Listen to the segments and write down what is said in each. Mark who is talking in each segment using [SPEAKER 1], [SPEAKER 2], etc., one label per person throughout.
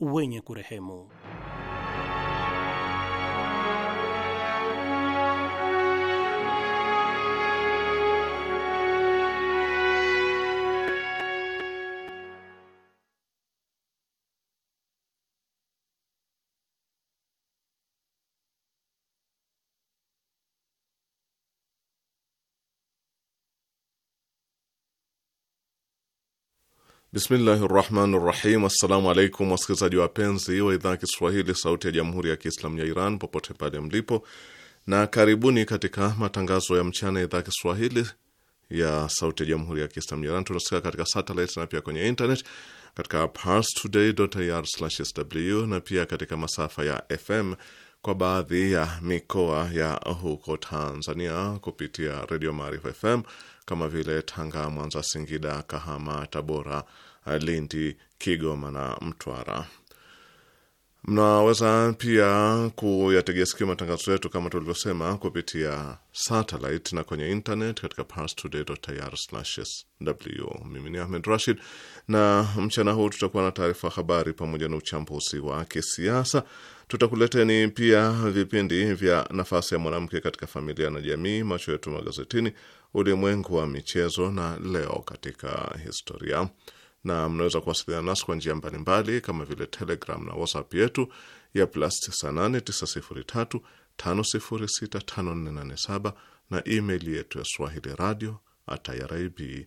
[SPEAKER 1] wenye kurehemu.
[SPEAKER 2] Bismillahi rahmani rahim. Assalamu alaikum wasikilizaji wapenzi wa idhaa ya Kiswahili sauti ya jamhuri ya Kiislamu ya Iran popote pale mlipo, na karibuni katika matangazo ya mchana ya idhaa ya Kiswahili ya sauti ya jamhuri ya Kiislamu ya Iran. Tunasikia katika satelit na pia kwenye internet katika parstoday.ir/sw na pia katika masafa ya FM kwa baadhi ya mikoa ya huko Tanzania kupitia Redio Maarifa FM kama vile Tanga, Mwanza, Singida, Kahama, Tabora, Lindi, Kigoma na Mtwara. Mnaweza pia kuyategea sikio matangazo yetu kama tulivyosema, kupitia satellite na kwenye internet katika parstoday.ir/sw. Mimi ni Ahmed Rashid, na mchana huu tutakuwa na taarifa habari pamoja na uchambuzi wa kisiasa. Tutakuleteni pia vipindi vya nafasi ya mwanamke katika familia na jamii, macho yetu magazetini, ulimwengu wa michezo na leo katika historia, na mnaweza kuwasiliana nasi kwa njia mbalimbali kama vile Telegram na WhatsApp yetu ya plus 989035065487 na email yetu ya swahili radio at irib ir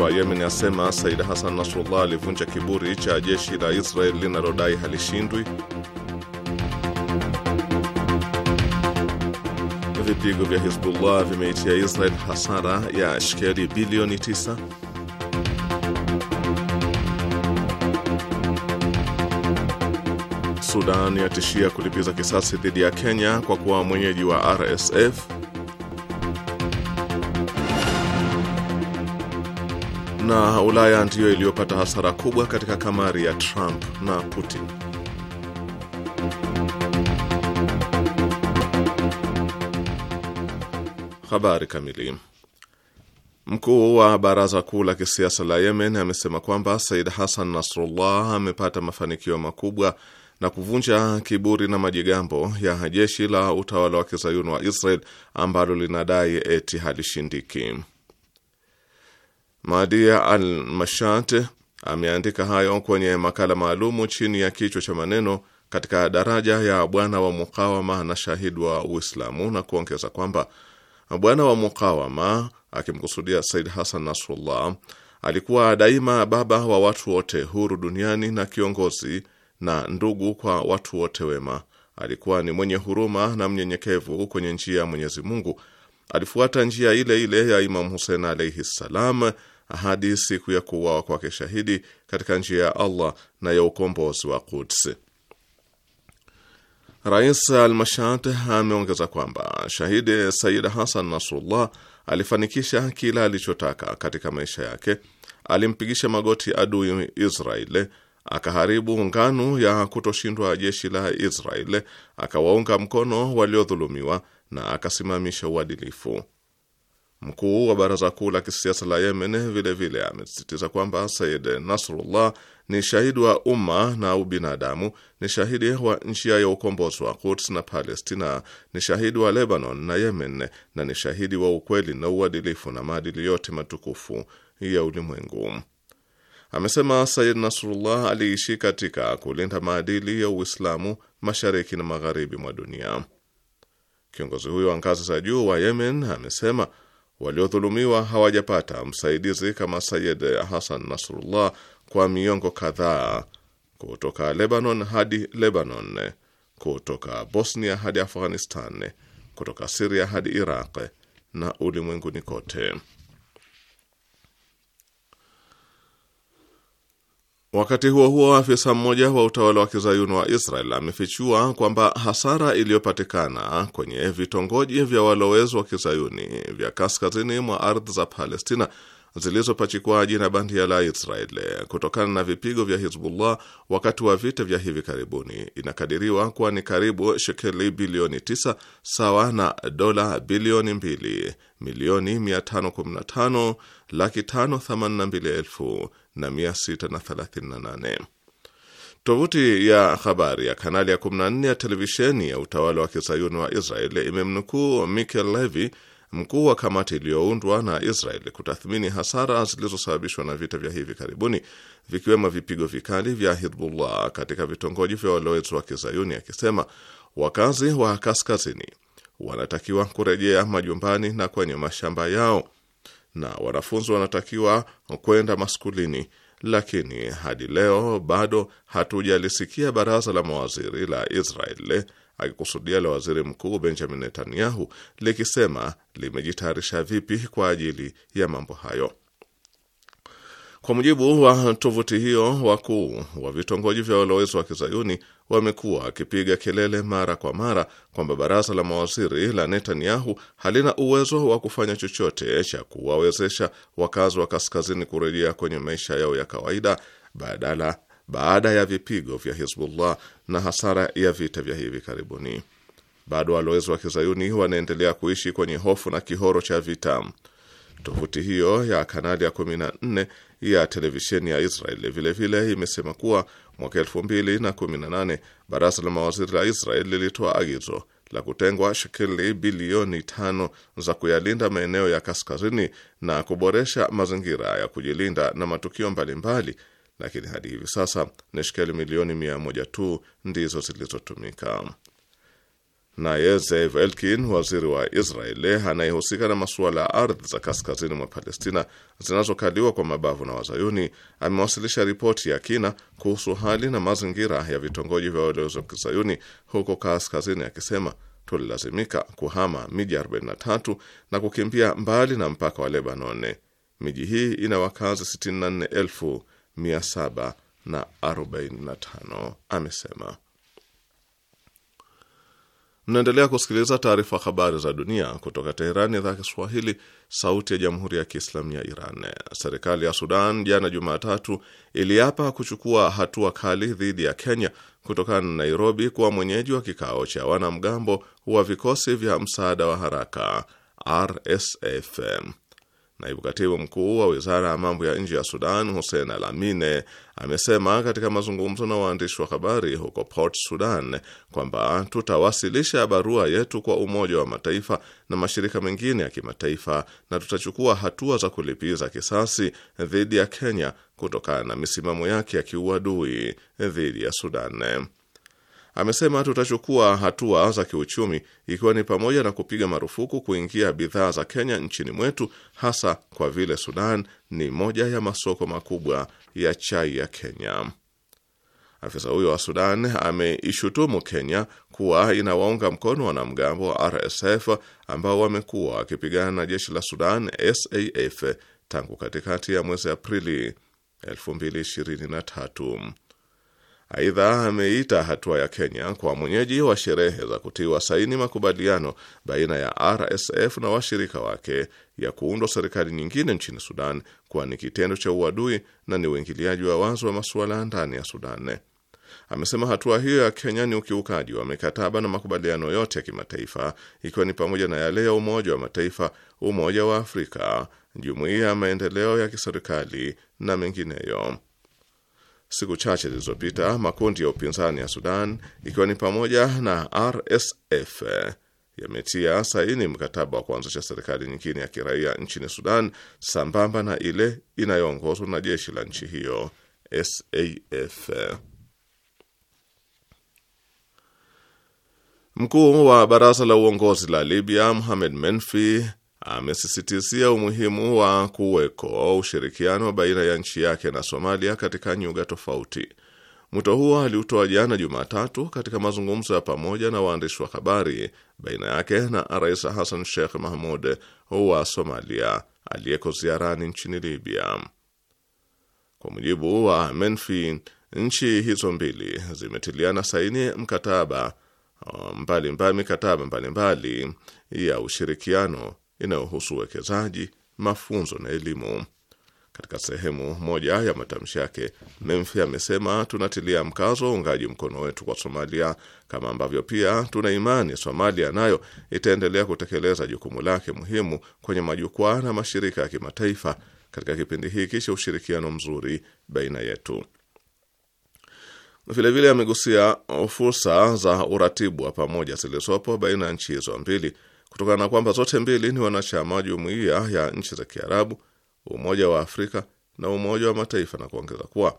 [SPEAKER 2] wa Yemen asema Said Hassan Nasrullah alivunja kiburi cha jeshi la Israel linalodai halishindwi. Vipigo vya Hizbullah vimeitia Israel hasara ya shekeli bilioni 9. Sudan yatishia kulipiza kisasi dhidi ya Kenya kwa kuwa mwenyeji wa RSF. na Ulaya ndiyo iliyopata hasara kubwa katika kamari ya Trump na Putin. Habari kamili. Mkuu wa baraza kuu la kisiasa la Yemen amesema kwamba Said Hassan nasrullah amepata mafanikio makubwa na kuvunja kiburi na majigambo ya jeshi la utawala wa kizayuni wa Israel ambalo linadai eti halishindiki. Madia Al-Mashat ameandika hayo kwenye makala maalumu chini ya kichwa cha maneno katika daraja ya bwana wa mukawama na shahidi wa Uislamu na kuongeza kwamba bwana wa mukawama akimkusudia Said Hassan Nasrullah alikuwa daima baba wa watu wote huru duniani na kiongozi na ndugu kwa watu wote wema. Alikuwa ni mwenye huruma na mnyenyekevu kwenye njia ya Mwenyezi Mungu. Alifuata njia ile ile ya Imam Husein alaihi ssalam hadi siku ya kuuawa kwake shahidi katika njia ya Allah na ya ukombozi wa Quds. Rais Almashat ameongeza kwamba shahidi Sayyid Hasan Nasrullah alifanikisha kila alichotaka katika maisha yake. Alimpigisha magoti adui Israeli, akaharibu nganu ya kutoshindwa jeshi la Israeli, akawaunga mkono waliodhulumiwa na akasimamisha uadilifu. Mkuu wa baraza kuu la kisiasa la Yemen vilevile amesisitiza kwamba Said Nasrullah ni shahidi wa umma na ubinadamu, ni shahidi wa nchi ya ukombozi wa Quds na Palestina, ni shahidi wa Lebanon na Yemen, na ni shahidi wa ukweli na uadilifu na maadili yote matukufu ya ulimwengu. Amesema Said Nasrullah aliishi katika kulinda maadili ya Uislamu mashariki na magharibi mwa dunia. Kiongozi huyo wa ngazi za juu wa Yemen amesema waliodhulumiwa hawajapata msaidizi kama Sayid Hasan Nasrullah kwa miongo kadhaa, kutoka Lebanon hadi Lebanon, kutoka Bosnia hadi Afghanistan, kutoka Siria hadi Iraq na ulimwenguni kote. Wakati huo huo, afisa mmoja wa utawala wa kizayuni wa Israel amefichua kwamba hasara iliyopatikana kwenye vitongoji vya walowezi wa kizayuni vya kaskazini mwa ardhi za Palestina zilizopachikwa jina bandia la Israel kutokana na vipigo vya Hizbullah wakati wa vita vya hivi karibuni inakadiriwa kuwa ni karibu shekeli bilioni 9 sawa na dola bilioni 2 milioni 515 laki 582 elfu na 638. Tovuti ya habari ya kanali ya 14 ya televisheni ya utawala wa kizayuni wa Israel imemnukuu Michael Levy, mkuu wa kamati iliyoundwa na Israel kutathmini hasara zilizosababishwa na vita vya hivi karibuni, vikiwemo vipigo vikali vya Hizbullah katika vitongoji vya walowezi wa kizayuni, akisema wakazi wa kaskazini wanatakiwa kurejea majumbani na kwenye mashamba yao na wanafunzi wanatakiwa kwenda maskulini, lakini hadi leo bado hatujalisikia baraza la mawaziri la Israel akikusudia la waziri mkuu Benjamin Netanyahu likisema limejitayarisha vipi kwa ajili ya mambo hayo. Kwa mujibu wa tovuti hiyo, wakuu wa vitongoji vya walowezi wa kizayuni wamekuwa wakipiga kelele mara kwa mara kwamba baraza la mawaziri la Netanyahu halina uwezo wa kufanya chochote cha kuwawezesha wakazi wa kaskazini kurejea kwenye maisha yao ya kawaida badala baada ya vipigo vya Hizbullah na hasara ya vita vya hivi karibuni. Bado walowezi wa kizayuni wanaendelea kuishi kwenye hofu na kihoro cha vita. Tovuti hiyo ya kanali ya 14 ya televisheni ya Israel vilevile vile imesema kuwa mwaka 218 baraza la mawaziri la Israel lilitoa agizo la kutengwa shekeli bilioni tano za kuyalinda maeneo ya kaskazini na kuboresha mazingira ya kujilinda na matukio mbalimbali, lakini hadi hivi sasa ni shekeli milioni mia moja tu ndizo zilizotumika. Naye Zev Elkin, waziri wa Israeli anayehusika na masuala ya ardhi za kaskazini mwa Palestina zinazokaliwa kwa mabavu na Wazayuni, amewasilisha ripoti ya kina kuhusu hali na mazingira ya vitongoji vya walowezi wa kizayuni huko kaskazini, akisema tulilazimika kuhama miji 43 na kukimbia mbali na mpaka wa Lebanon. Miji hii ina wakazi 64,745, amesema. Mnaendelea kusikiliza taarifa habari za dunia kutoka Teherani, idhaa Kiswahili, sauti ya jamhuri ya kiislamu ya Iran. Serikali ya Sudan jana Jumatatu iliapa kuchukua hatua kali dhidi ya Kenya kutokana na Nairobi kuwa mwenyeji wa kikao cha wanamgambo wa vikosi vya msaada wa haraka RSFM. Naibu katibu mkuu wa wizara ya mambo ya nje ya Sudan Hussein Alamine amesema katika mazungumzo na waandishi wa habari huko Port Sudan kwamba tutawasilisha barua yetu kwa Umoja wa Mataifa na mashirika mengine ya kimataifa na tutachukua hatua za kulipiza kisasi dhidi ya Kenya kutokana na misimamo yake ya kiuadui dhidi ya Sudan. Amesema tutachukua hatua za kiuchumi ikiwa ni pamoja na kupiga marufuku kuingia bidhaa za Kenya nchini mwetu, hasa kwa vile Sudan ni moja ya masoko makubwa ya chai ya Kenya. Afisa huyo wa Sudan ameishutumu Kenya kuwa inawaunga mkono wanamgambo wa RSF ambao wamekuwa wakipigana na jeshi la Sudan SAF tangu katikati ya mwezi Aprili 2023. Aidha, ameita hatua ya Kenya kwa mwenyeji wa sherehe za kutiwa saini makubaliano baina ya RSF na washirika wake ya kuundwa serikali nyingine nchini Sudan kuwa ni kitendo cha uadui na ni uingiliaji wa wazi wa masuala ya ndani ya Sudan. Amesema hatua hiyo ya Kenya ni ukiukaji wa mikataba na makubaliano yote ya kimataifa ikiwa ni pamoja na yale ya Umoja wa Mataifa, Umoja wa Afrika, Jumuiya ya Maendeleo ya Kiserikali na mengineyo siku chache zilizopita makundi ya upinzani ya Sudan ikiwa ni pamoja na RSF yametia saini mkataba wa kuanzisha serikali nyingine ya kiraia nchini Sudan sambamba na ile inayoongozwa na jeshi la nchi hiyo SAF. Mkuu wa baraza la uongozi la Libya Mohamed Menfi amesisitizia umuhimu wa kuweko ushirikiano baina ya nchi yake na Somalia katika nyuga tofauti. Mwito huo aliutoa jana Jumatatu katika mazungumzo ya pamoja na waandishi wa habari baina yake na Rais Hassan Sheikh Mahmud wa Somalia aliyeko ziarani nchini Libya. Kwa mujibu wa Menfi, nchi hizo mbili zimetiliana saini mkataba mbalimbali mikataba mbalimbali ya ushirikiano inayohusu uwekezaji, mafunzo na elimu. Katika sehemu moja ya matamshi yake, Memfi amesema tunatilia mkazo wa uungaji mkono wetu kwa Somalia, kama ambavyo pia tuna imani Somalia nayo itaendelea kutekeleza jukumu lake muhimu kwenye majukwaa na mashirika ya kimataifa katika kipindi hiki cha ushirikiano mzuri baina yetu. Vilevile amegusia fursa za uratibu wa pamoja zilizopo baina ya nchi hizo mbili kutokana na kwamba zote mbili ni wanachama wa jumuiya ya nchi za Kiarabu, Umoja wa Afrika na Umoja wa Mataifa, na kuongeza kuwa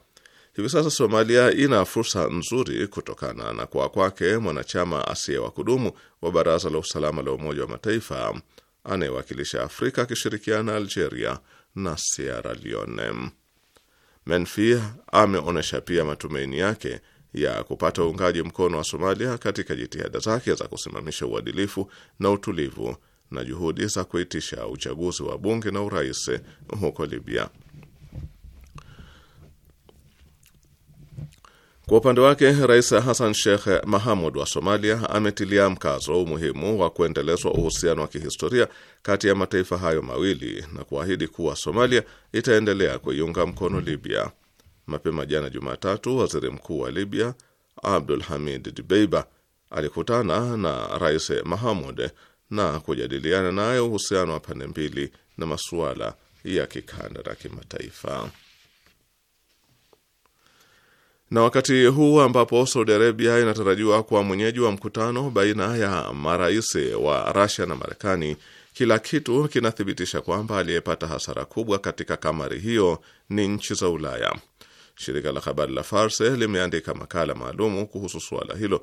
[SPEAKER 2] hivi sasa Somalia ina fursa nzuri kutokana na kuwa kwake mwanachama asiye wa kudumu wa Baraza la Usalama la Umoja wa Mataifa anayewakilisha Afrika akishirikiana na Algeria na Sierra Leone. Menfi ameonyesha pia matumaini yake ya kupata uungaji mkono wa Somalia katika jitihada zake za kusimamisha uadilifu na utulivu na juhudi za kuitisha uchaguzi wa bunge na urais huko Libya. Kwa upande wake Rais Hassan Sheikh Mahamud wa Somalia ametilia mkazo umuhimu wa kuendelezwa uhusiano wa kihistoria kati ya mataifa hayo mawili na kuahidi kuwa Somalia itaendelea kuiunga mkono Libya Mapema jana Jumatatu, waziri mkuu wa Libya Abdul Hamid Dibeiba alikutana na rais Mahamud na kujadiliana naye uhusiano wa pande mbili na masuala ya kikanda na kimataifa. Na wakati huu ambapo Saudi Arabia inatarajiwa kuwa mwenyeji wa mkutano baina ya marais wa Russia na Marekani, kila kitu kinathibitisha kwamba aliyepata hasara kubwa katika kamari hiyo ni nchi za Ulaya. Shirika la habari la Farse limeandika makala maalumu kuhusu suala hilo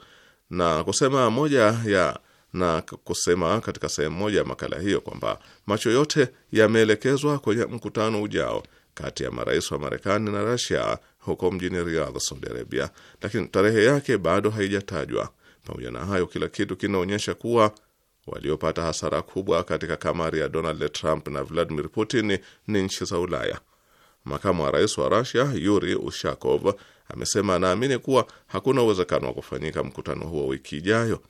[SPEAKER 2] na kusema moja ya na kusema katika sehemu moja ya makala hiyo kwamba macho yote yameelekezwa kwenye mkutano ujao kati ya marais wa Marekani na Rasia huko mjini Riyadh, Saudi Arabia, lakini tarehe yake bado haijatajwa. Pamoja na hayo, kila kitu kinaonyesha kuwa waliopata hasara kubwa katika kamari ya Donald Trump na Vladimir Putin ni nchi za Ulaya Makamu wa rais wa rasia Yuri Ushakov amesema anaamini kuwa hakuna uwezekano wa kufanyika mkutano huo wiki ijayo.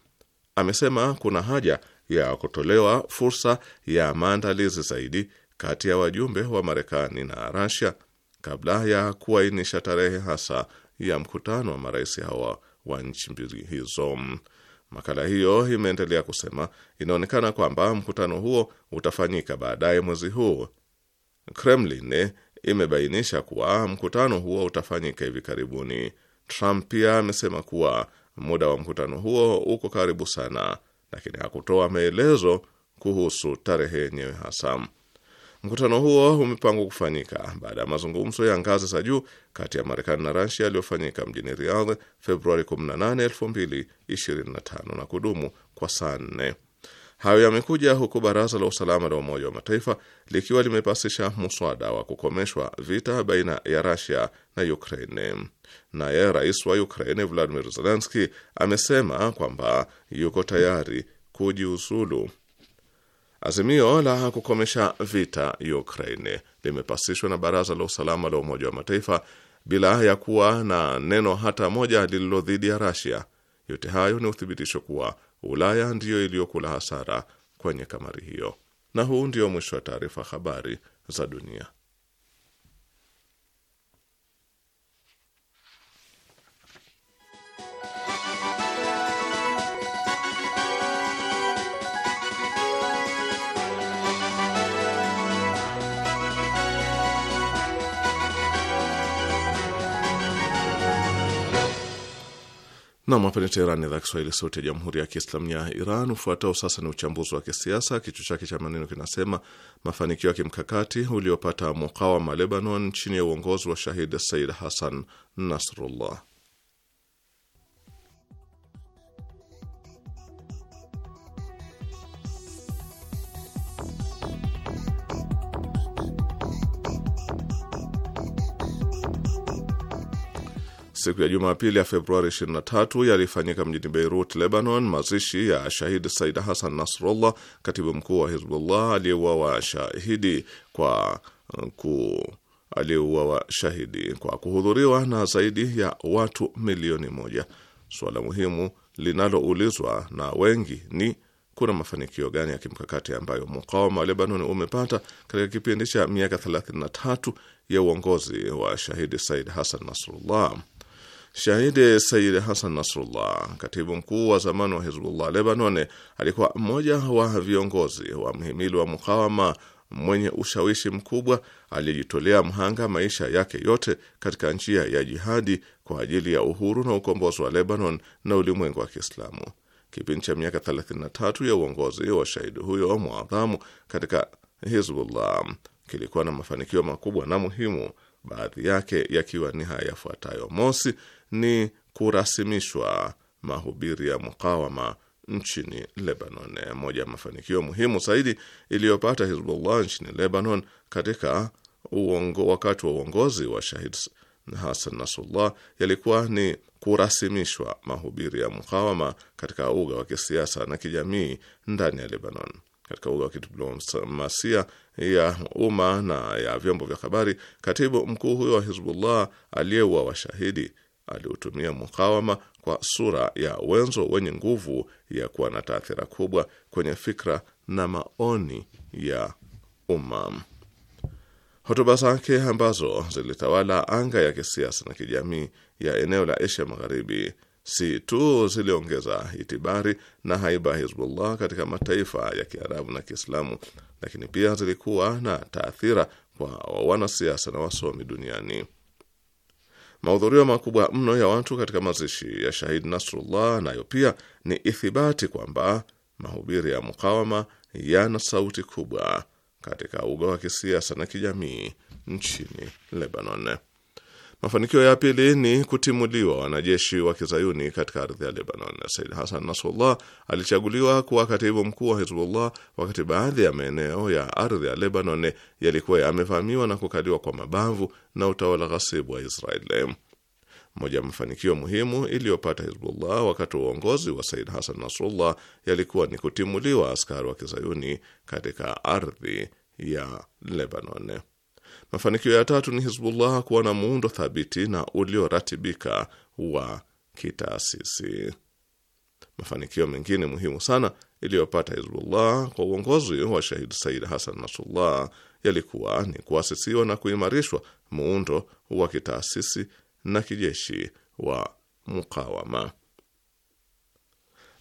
[SPEAKER 2] Amesema kuna haja ya kutolewa fursa ya maandalizi zaidi kati ya wajumbe wa Marekani na rasia kabla ya kuainisha tarehe hasa ya mkutano wa marais hawa wa nchi mbili hizo. Makala hiyo imeendelea kusema inaonekana kwamba mkutano huo utafanyika baadaye mwezi huu. Kremlin imebainisha kuwa mkutano huo utafanyika hivi karibuni. Trump pia amesema kuwa muda wa mkutano huo uko karibu sana, lakini hakutoa maelezo kuhusu tarehe yenyewe hasa. Mkutano huo umepangwa kufanyika baada ya mazungumzo ya ngazi za juu kati ya Marekani na Rasia yaliyofanyika mjini Riyadh Februari 18, 2025 na kudumu kwa saa nne. Hayo yamekuja huku baraza la usalama la Umoja wa Mataifa likiwa limepasisha muswada wa kukomeshwa vita baina ya Rusia na Ukraine. Naye rais wa Ukraine Vladimir Zelenski amesema kwamba yuko tayari kujiuzulu. Azimio la kukomesha vita Ukraine limepasishwa na baraza la usalama la Umoja wa Mataifa bila ya kuwa na neno hata moja lililo dhidi ya Rusia. Yote hayo ni uthibitisho kuwa Ulaya ndiyo iliyokula hasara kwenye kamari hiyo. Na huu ndio mwisho wa taarifa habari za dunia. Nam, hapa ni Teherani, idhaa Kiswahili, sauti ya jamhuri ya kiislamu ya Iran. Ufuatao sasa ni uchambuzi wa kisiasa, kichwa chake cha maneno kinasema mafanikio ya kimkakati uliopata mukawama Lebanon chini ya uongozi wa Shahid Said Hassan Nasrullah. Siku ya Jumapili ya Februari 23 yalifanyika mjini Beirut, Lebanon, mazishi ya shahidi Said Hassan nasrullah katibu mkuu wa Hizbullah aliyeuawa shahidi kwa uh, ku aliyeuawa shahidi kwa kuhudhuriwa na zaidi ya watu milioni moja. Suala muhimu linaloulizwa na wengi ni kuna mafanikio gani ya kimkakati ambayo mukawama wa Lebanon umepata katika kipindi cha miaka 33 ya uongozi wa shahidi Said Hassan nasrullah Shahidi Sayyid Hasan Nasrullah, katibu mkuu wa zamani wa Hizbullah Lebanon, alikuwa mmoja wa viongozi wa mhimili wa mukawama mwenye ushawishi mkubwa aliyejitolea mhanga maisha yake yote katika njia ya jihadi kwa ajili ya uhuru na ukombozi wa Lebanon na ulimwengu wa Kiislamu. Kipindi cha miaka 33 ya uongozi wa shahidi huyo mwadhamu katika Hizbullah kilikuwa na mafanikio makubwa na muhimu, baadhi yake yakiwa ni haya yafuatayo: mosi ni kurasimishwa mahubiri ya mukawama nchini Lebanon. Moja ya mafanikio muhimu zaidi iliyopata Hizbullah nchini Lebanon katika uongo, wakati wa uongozi wa Shahid Hasan Nasrullah yalikuwa ni kurasimishwa mahubiri ya mukawama katika uga wa kisiasa na kijamii ndani ya Lebanon. Katika uga wa kidiplomasia ya umma na ya vyombo vya habari, katibu mkuu huyo wa Hizbullah aliyeuwa washahidi aliutumia mukawama kwa sura ya wenzo wenye nguvu ya kuwa na taathira kubwa kwenye fikra na maoni ya umma. Hotuba zake ambazo zilitawala anga ya kisiasa na kijamii ya eneo la Asia Magharibi si tu ziliongeza itibari na haiba Hizbullah katika mataifa ya Kiarabu na Kiislamu, lakini pia zilikuwa na taathira kwa wanasiasa na wasomi duniani. Mahudhurio makubwa mno ya watu katika mazishi ya Shahid Nasrullah nayo pia ni ithibati kwamba mahubiri ya mukawama yana sauti kubwa katika uga wa kisiasa na kijamii nchini Lebanon. Mafanikio ya pili ni kutimuliwa wanajeshi wa kizayuni katika ardhi ya Lebanon. Said Hassan nasrullah alichaguliwa kuwa katibu mkuu wa Hizbullah wakati baadhi ya maeneo ya ardhi ya Lebanon yalikuwa yamevamiwa na kukaliwa kwa mabavu na utawala ghasibu wa Israeli. Moja ya mafanikio muhimu iliyopata Hizbullah wakati wa uongozi wa Said Hassan nasrullah yalikuwa ni kutimuliwa askari wa kizayuni katika ardhi ya Lebanon. Mafanikio ya tatu ni Hizbullah kuwa na muundo thabiti na ulioratibika wa kitaasisi. Mafanikio mengine muhimu sana iliyopata Hizbullah kwa uongozi wa Shahid Said Hasan Nasrullah yalikuwa ni kuasisiwa na kuimarishwa muundo wa kitaasisi na kijeshi wa mukawama.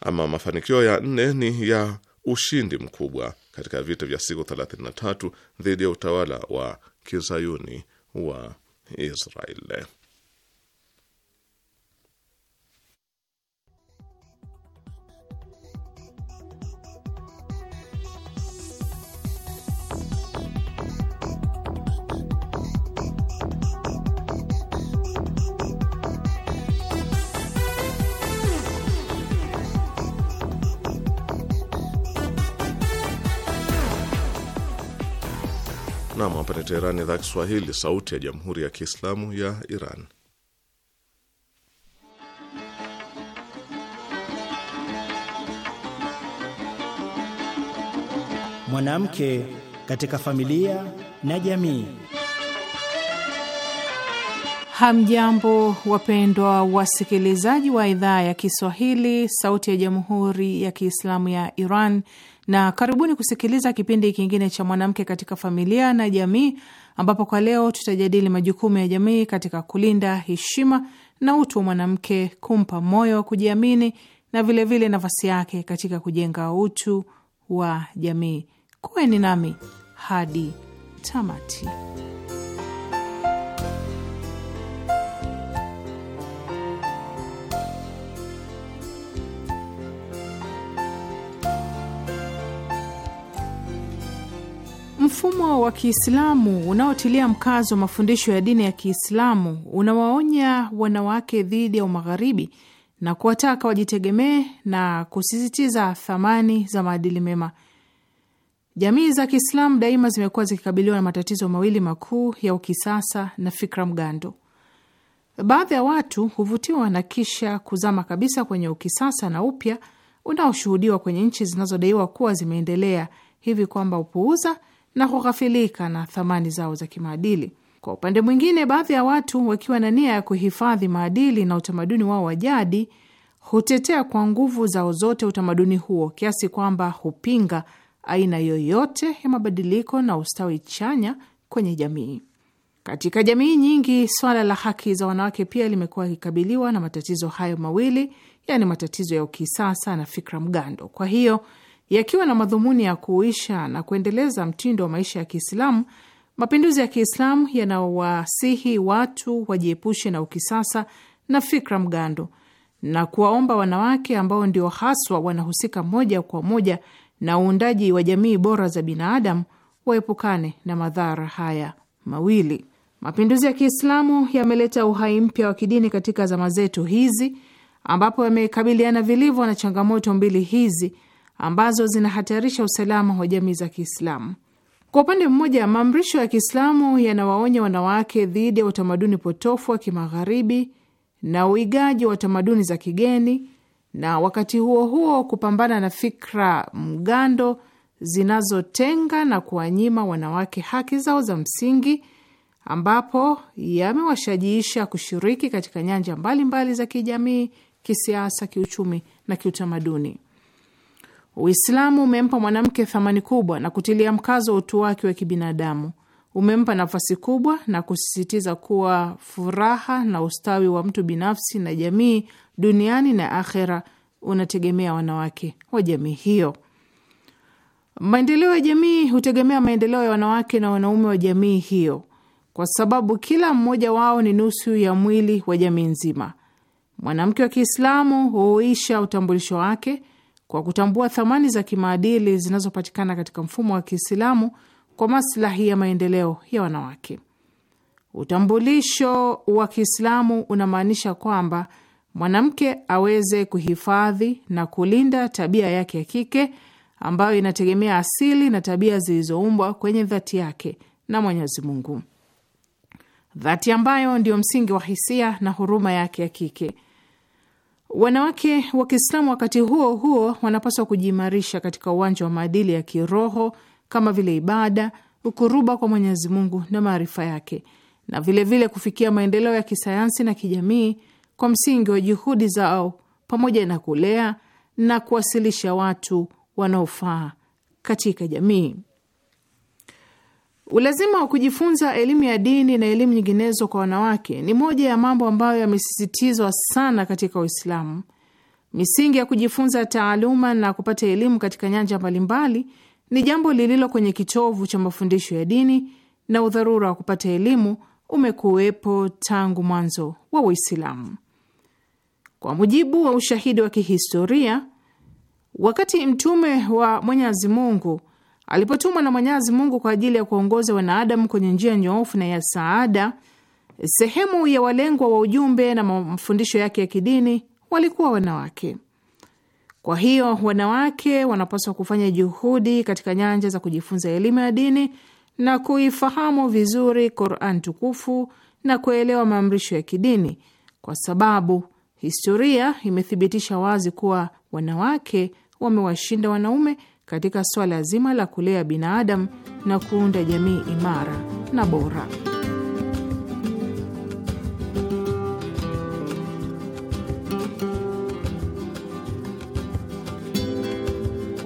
[SPEAKER 2] Ama mafanikio ya nne ni ya ushindi mkubwa katika vita vya siku 33 dhidi ya utawala wa kizayuni wa Israel. Teherani, idhaa Kiswahili, sauti ya jamhuri ya kiislamu ya Iran.
[SPEAKER 3] Mwanamke katika familia na jamii.
[SPEAKER 4] Hamjambo, wapendwa wasikilizaji wa idhaa ya Kiswahili, sauti ya jamhuri ya kiislamu ya Iran na karibuni kusikiliza kipindi kingine cha mwanamke katika familia na jamii, ambapo kwa leo tutajadili majukumu ya jamii katika kulinda heshima na utu wa mwanamke, kumpa moyo wa kujiamini na vilevile nafasi yake katika kujenga utu wa jamii. Kuweni nami hadi tamati. Mfumo wa Kiislamu unaotilia mkazo wa mafundisho ya dini ya Kiislamu unawaonya wanawake dhidi ya umagharibi na kuwataka wajitegemee na kusisitiza thamani za maadili mema. Jamii za Kiislamu daima zimekuwa zikikabiliwa na matatizo mawili makuu ya ukisasa na fikra mgando. Baadhi ya watu huvutiwa na kisha kuzama kabisa kwenye ukisasa na upya unaoshuhudiwa kwenye nchi zinazodaiwa kuwa zimeendelea hivi kwamba upuuza na kughafilika na thamani zao za kimaadili. Kwa upande mwingine, baadhi ya watu wakiwa na nia ya kuhifadhi maadili na utamaduni wao wa jadi hutetea kwa nguvu zao zote utamaduni huo kiasi kwamba hupinga aina yoyote ya mabadiliko na ustawi chanya kwenye jamii. Katika jamii nyingi, swala la haki za wanawake pia limekuwa ikikabiliwa na matatizo hayo mawili, yaani matatizo ya ukisasa na fikra mgando. Kwa hiyo yakiwa na madhumuni ya kuisha na kuendeleza mtindo wa maisha ya Kiislamu. Mapinduzi ya Kiislamu yanawasihi watu wajiepushe na ukisasa na fikra mgando na kuwaomba wanawake ambao ndio haswa wanahusika moja kwa moja na uundaji wa jamii bora za binadamu waepukane na madhara haya mawili. Mapinduzi ya Kiislamu yameleta uhai mpya wa kidini katika zama zetu hizi, ambapo yamekabiliana vilivyo na changamoto mbili hizi ambazo zinahatarisha usalama wa jamii za Kiislamu. Kwa upande mmoja, maamrisho ya Kiislamu yanawaonya wanawake dhidi ya utamaduni potofu wa kimagharibi na uigaji wa tamaduni za kigeni, na wakati huo huo kupambana na fikra mgando zinazotenga na kuwanyima wanawake haki zao za msingi, ambapo yamewashajiisha kushiriki katika nyanja mbalimbali mbali za kijamii, kisiasa, kiuchumi na kiutamaduni. Uislamu umempa mwanamke thamani kubwa na kutilia mkazo utu wake wa kibinadamu. Umempa nafasi kubwa na kusisitiza kuwa furaha na ustawi wa mtu binafsi na jamii duniani na akhera unategemea wanawake wa jamii hiyo. Maendeleo ya jamii hutegemea maendeleo ya wanawake na wanaume wa jamii hiyo, kwa sababu kila mmoja wao ni nusu ya mwili wa jamii nzima. Mwanamke wa Kiislamu huisha utambulisho wake kwa kutambua thamani za kimaadili zinazopatikana katika mfumo wa Kiislamu kwa maslahi ya maendeleo ya wanawake. Utambulisho wa Kiislamu unamaanisha kwamba mwanamke aweze kuhifadhi na kulinda tabia yake ya kike ambayo inategemea asili na tabia zilizoumbwa kwenye dhati yake na Mwenyezi Mungu, dhati ambayo ndiyo msingi wa hisia na huruma yake ya kike. Wanawake wa Kiislamu wakati huo huo wanapaswa kujiimarisha katika uwanja wa maadili ya kiroho kama vile ibada, ukuruba kwa Mwenyezi Mungu na maarifa yake, na vilevile vile kufikia maendeleo ya kisayansi na kijamii kwa msingi wa juhudi zao pamoja na kulea na kuwasilisha watu wanaofaa katika jamii. Ulazima wa kujifunza elimu ya dini na elimu nyinginezo kwa wanawake ni moja ya mambo ambayo yamesisitizwa sana katika Uislamu. Misingi ya kujifunza taaluma na kupata elimu katika nyanja mbalimbali ni jambo lililo kwenye kitovu cha mafundisho ya dini, na udharura wa kupata elimu umekuwepo tangu mwanzo wa Uislamu. Kwa mujibu wa ushahidi wa kihistoria, wakati mtume wa Mwenyezi Mungu alipotumwa na Mwenyezi Mungu kwa ajili ya kuongoza wanadamu kwenye njia nyoofu na ya saada, sehemu ya walengwa wa ujumbe na mafundisho yake ya kidini walikuwa wanawake. Kwa hiyo wanawake wanapaswa kufanya juhudi katika nyanja za kujifunza elimu ya dini na kuifahamu vizuri Quran tukufu na kuelewa maamrisho ya kidini, kwa sababu historia imethibitisha wazi kuwa wanawake wamewashinda wanaume katika swala zima la kulea binadamu na kuunda jamii imara na bora.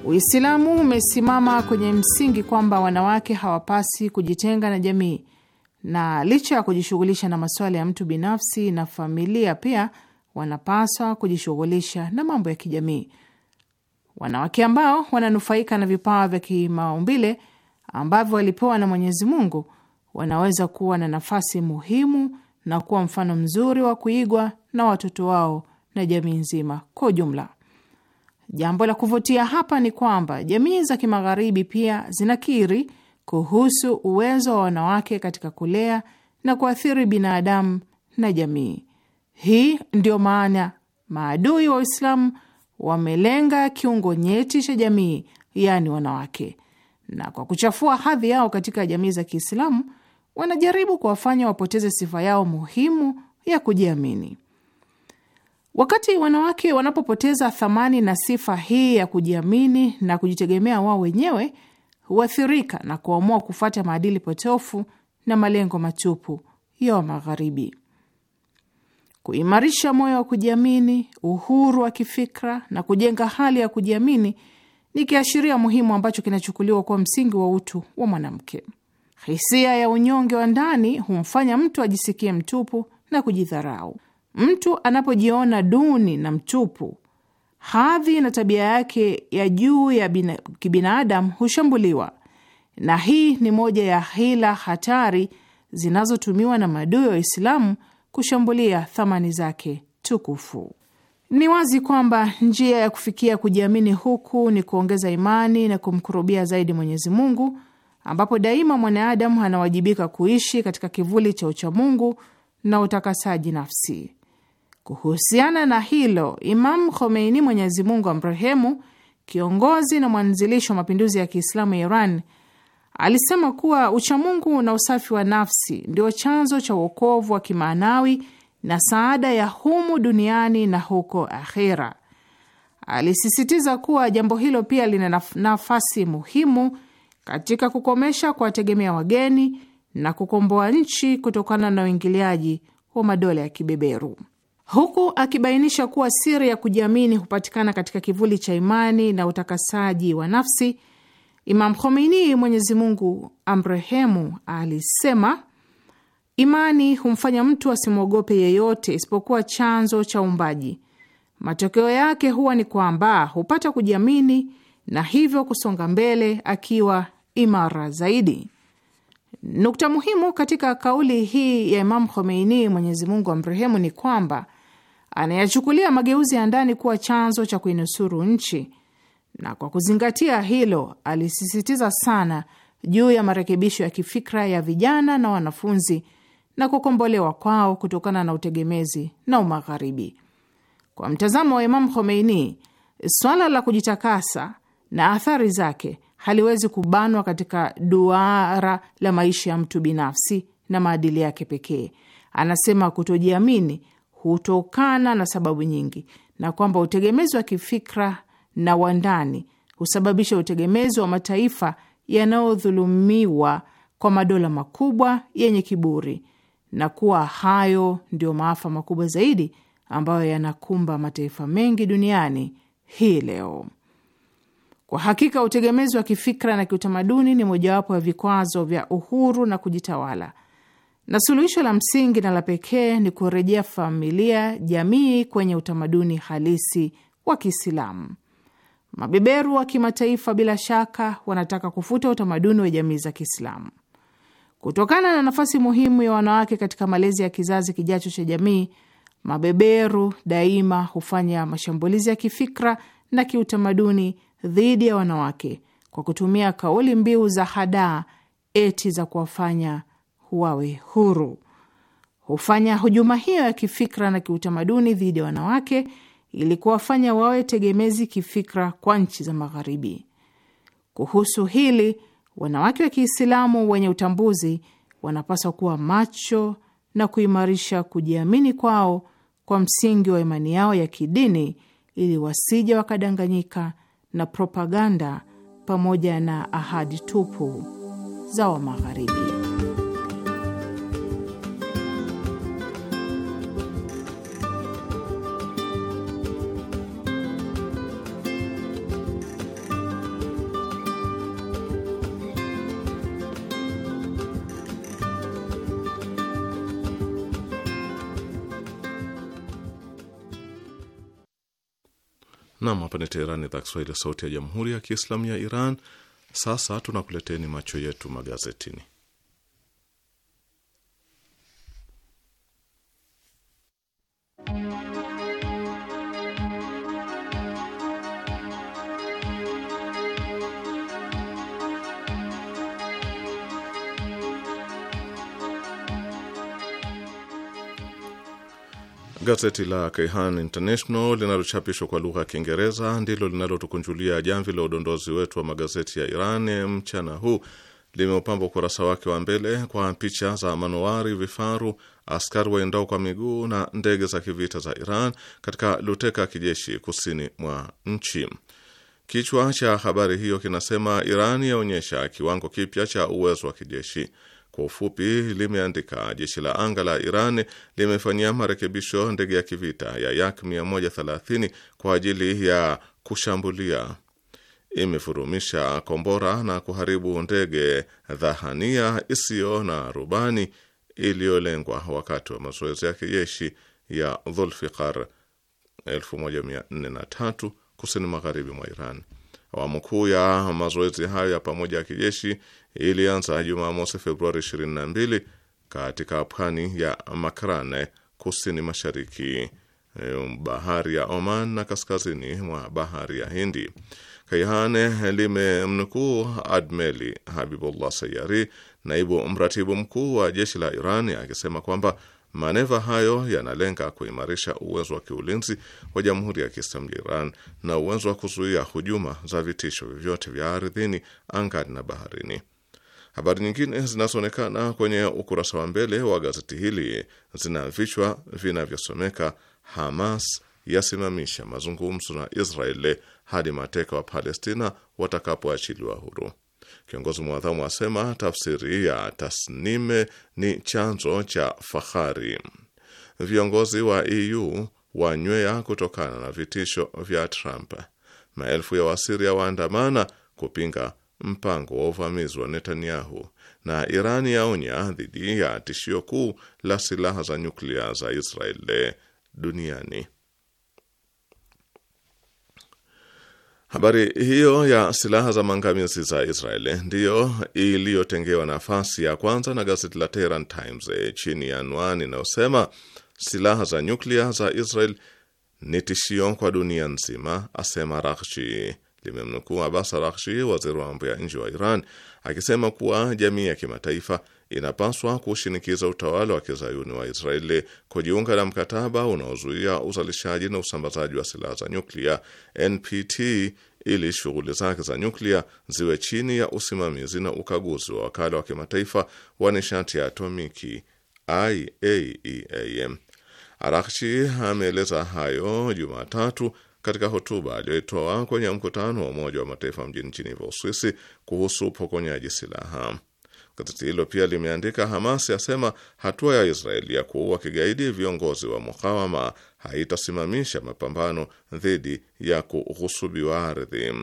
[SPEAKER 4] Uislamu umesimama kwenye msingi kwamba wanawake hawapasi kujitenga na jamii, na licha ya kujishughulisha na masuala ya mtu binafsi na familia, pia wanapaswa kujishughulisha na mambo ya kijamii wanawake ambao wananufaika na vipawa vya kimaumbile ambavyo walipewa na Mwenyezi Mungu wanaweza kuwa na nafasi muhimu na kuwa mfano mzuri wa kuigwa na watoto wao na jamii nzima kwa ujumla. Jambo la kuvutia hapa ni kwamba jamii za kimagharibi pia zinakiri kuhusu uwezo wa wanawake katika kulea na kuathiri binadamu na jamii. Hii ndiyo maana maadui wa Uislamu wamelenga kiungo nyeti cha jamii, yaani wanawake, na kwa kuchafua hadhi yao katika jamii za Kiislamu wanajaribu kuwafanya wapoteze sifa yao muhimu ya kujiamini. Wakati wanawake wanapopoteza thamani na sifa hii ya kujiamini na kujitegemea wao wenyewe, huathirika na kuamua kufuata maadili potofu na malengo matupu ya Magharibi. Kuimarisha moyo wa kujiamini, uhuru wa kifikra na kujenga hali ya kujiamini ni kiashiria muhimu ambacho kinachukuliwa kuwa msingi wa utu wa mwanamke. Hisia ya unyonge wa ndani humfanya mtu ajisikie mtupu na kujidharau. Mtu anapojiona duni na mtupu, hadhi na tabia yake ya juu ya kibinadamu hushambuliwa, na hii ni moja ya hila hatari zinazotumiwa na maadui wa Uislamu kushambulia thamani zake tukufu. Ni wazi kwamba njia ya kufikia kujiamini huku ni kuongeza imani na kumkurubia zaidi Mwenyezi Mungu, ambapo daima mwanadamu anawajibika kuishi katika kivuli cha uchamungu na utakasaji nafsi. Kuhusiana na hilo, Imamu Khomeini, Mwenyezi Mungu amrehemu, kiongozi na mwanzilishi wa mapinduzi ya Kiislamu ya Iran Alisema kuwa uchamungu na usafi wa nafsi ndio chanzo cha uokovu wa kimaanawi na saada ya humu duniani na huko akhera. Alisisitiza kuwa jambo hilo pia lina nafasi muhimu katika kukomesha kuwategemea wageni na kukomboa nchi kutokana na uingiliaji wa madola ya kibeberu, huku akibainisha kuwa siri ya kujiamini hupatikana katika kivuli cha imani na utakasaji wa nafsi Imam Khomeini, Mwenyezi Mungu amrehemu, alisema imani humfanya mtu asimwogope yeyote isipokuwa chanzo cha uumbaji. Matokeo yake huwa ni kwamba hupata kujiamini na hivyo kusonga mbele akiwa imara zaidi. Nukta muhimu katika kauli hii ya Imam Khomeini, Mwenyezi Mungu amrehemu, ni kwamba anayachukulia mageuzi ya ndani kuwa chanzo cha kuinusuru nchi na kwa kuzingatia hilo alisisitiza sana juu ya marekebisho ya kifikra ya vijana na wanafunzi na kukombolewa kwao kutokana na utegemezi na umagharibi. Kwa mtazamo wa Imamu Khomeini, swala la kujitakasa na athari zake haliwezi kubanwa katika duara la maisha ya mtu binafsi na maadili yake pekee. Anasema kutojiamini hutokana na sababu nyingi, na kwamba utegemezi wa kifikra na wa ndani husababisha utegemezi wa mataifa yanayodhulumiwa kwa madola makubwa yenye kiburi, na kuwa hayo ndiyo maafa makubwa zaidi ambayo yanakumba mataifa mengi duniani hii leo. Kwa hakika utegemezi wa kifikra na kiutamaduni ni mojawapo ya vikwazo vya uhuru na kujitawala, na suluhisho la msingi na la pekee ni kurejea familia, jamii kwenye utamaduni halisi wa Kiislamu. Mabeberu wa kimataifa bila shaka wanataka kufuta utamaduni wa jamii za Kiislamu. Kutokana na nafasi muhimu ya wanawake katika malezi ya kizazi kijacho cha jamii, mabeberu daima hufanya mashambulizi ya kifikra na kiutamaduni dhidi ya wanawake kwa kutumia kauli mbiu za hadaa eti za kuwafanya wawe huru. Hufanya hujuma hiyo ya kifikra na kiutamaduni dhidi ya wanawake ili kuwafanya wawe tegemezi kifikra kwa nchi za Magharibi. Kuhusu hili, wanawake wa Kiislamu wenye utambuzi wanapaswa kuwa macho na kuimarisha kujiamini kwao kwa msingi wa imani yao ya kidini, ili wasije wakadanganyika na propaganda pamoja na ahadi tupu za
[SPEAKER 5] Wamagharibi.
[SPEAKER 2] Nam, hapa ni Teherani, idhaa Kiswahili, sauti ya jamhuri ya kiislamu ya Iran. Sasa tunakuleteni macho yetu magazetini. Gazeti la Kayhan International linalochapishwa kwa lugha ya Kiingereza ndilo linalotukunjulia jamvi la udondozi wetu wa magazeti ya Iran mchana huu. Limeupamba ukurasa wake wa mbele kwa picha za manowari, vifaru, askari waendao kwa miguu na ndege za kivita za Iran katika luteka ya kijeshi kusini mwa nchi. Kichwa cha habari hiyo kinasema Iran yaonyesha kiwango kipya cha uwezo wa kijeshi. Kwa ufupi, limeandika jeshi la anga la Iran limefanyia marekebisho ndege ya kivita ya Yak 130 kwa ajili ya kushambulia imefurumisha kombora na kuharibu ndege dhahania isiyo na rubani iliyolengwa wakati wa mazoezi ya kijeshi ya dhulfiqar 1403 kusini magharibi mwa Iran. Awamu kuu ya mazoezi hayo ya pamoja ya kijeshi ilianza Jumamosi, Februari 22 katika pwani ya Makrane, kusini mashariki eh, bahari ya Oman na kaskazini mwa bahari ya Hindi. Kaihane limemnukuu Admeli Habibullah Sayari, naibu mratibu mkuu wa jeshi la Iran, akisema kwamba Maneva hayo yanalenga kuimarisha uwezo wa kiulinzi wa Jamhuri ya Kiislamu ya Iran na uwezo wa kuzuia hujuma za vitisho vyovyote vya ardhini, angani na baharini. Habari nyingine zinazoonekana kwenye ukurasa wa mbele wa gazeti hili zina vichwa vinavyosomeka: Hamas yasimamisha mazungumzo na Israeli hadi mateka wa Palestina watakapoachiliwa huru. Kiongozi mwadhamu asema tafsiri ya tasnime ni chanzo cha fahari. Viongozi wa EU wanywea kutokana na vitisho vya Trump. Maelfu ya Wasiria waandamana kupinga mpango wa uvamizi wa Netanyahu, na Irani yaonya dhidi ya tishio kuu la silaha za nyuklia za Israeli duniani. Habari hiyo ya silaha za maangamizi za Israeli ndiyo iliyotengewa nafasi ya kwanza na gazeti la Tehran Times eh, chini ya anwani inayosema silaha za nyuklia za Israel ni tishio kwa dunia nzima, asema rakhshi Limemnukuu Abas rahshi waziri wa mambo ya nje wa Iran, akisema kuwa jamii ya kimataifa inapaswa kushinikiza utawala wa kizayuni wa Israeli kujiunga na mkataba unaozuia uzalishaji na usambazaji wa silaha za nyuklia NPT ili shughuli zake za nyuklia ziwe chini ya usimamizi na ukaguzi wa wakala wa kimataifa wa nishati ya atomiki IAEA. Arakshi ameeleza hayo Jumatatu katika hotuba aliyoitoa kwenye mkutano wa Umoja wa Mataifa mjini Geneva, Uswisi, kuhusu upokonyaji silaha. Gazeti hilo pia limeandika Hamas yasema hatua ya Israeli ya kuua kigaidi viongozi wa mukawama haitasimamisha mapambano dhidi ya kughusubiwa ardhi.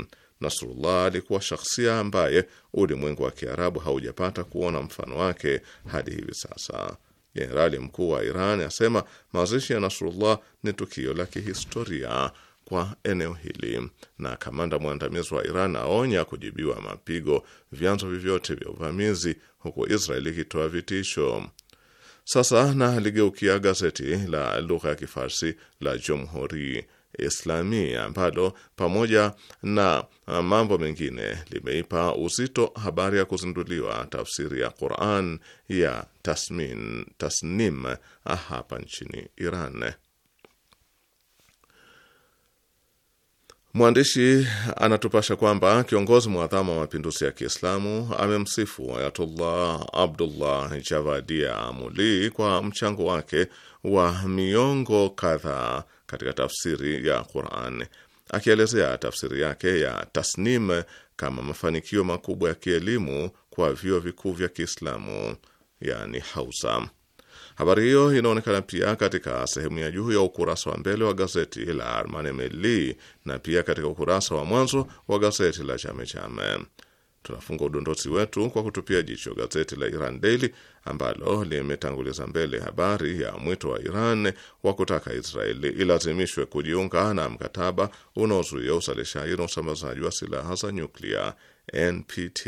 [SPEAKER 2] Nasrullah alikuwa shakhsia ambaye ulimwengu wa Kiarabu haujapata kuona mfano wake hadi hivi sasa. Jenerali mkuu wa Iran asema mazishi ya Nasrullah ni tukio la kihistoria kwa eneo hili. Na kamanda mwandamizi wa Iran aonya kujibiwa mapigo vyanzo vyovyote vya uvamizi, huku Israel ikitoa vitisho. Sasa na ligeukia gazeti la lugha ya Kifarsi la Jumhuri Islami ambalo pamoja na mambo mengine limeipa uzito habari ya kuzinduliwa tafsiri ya Quran ya tasmin, tasnim hapa nchini Iran. Mwandishi anatupasha kwamba kiongozi mwadhamu wa mapinduzi ya Kiislamu amemsifu Ayatullah Abdullah Javadia Muli kwa mchango wake wa miongo kadhaa katika tafsiri ya Quran, akielezea tafsiri yake ya Tasnim kama mafanikio makubwa ya kielimu kwa vyuo vikuu vya Kiislamu, yani Hausa. Habari hiyo inaonekana pia katika sehemu ya juu ya ukurasa wa mbele wa gazeti la Armane Meli na pia katika ukurasa wa mwanzo wa gazeti la Chame Chame. Tunafunga udondozi wetu kwa kutupia jicho gazeti la Iran Daily ambalo limetanguliza mbele habari ya mwito wa Iran wa kutaka Israeli ilazimishwe kujiunga na mkataba unaozuia uzalishaji na usambazaji wa silaha za nyuklia NPT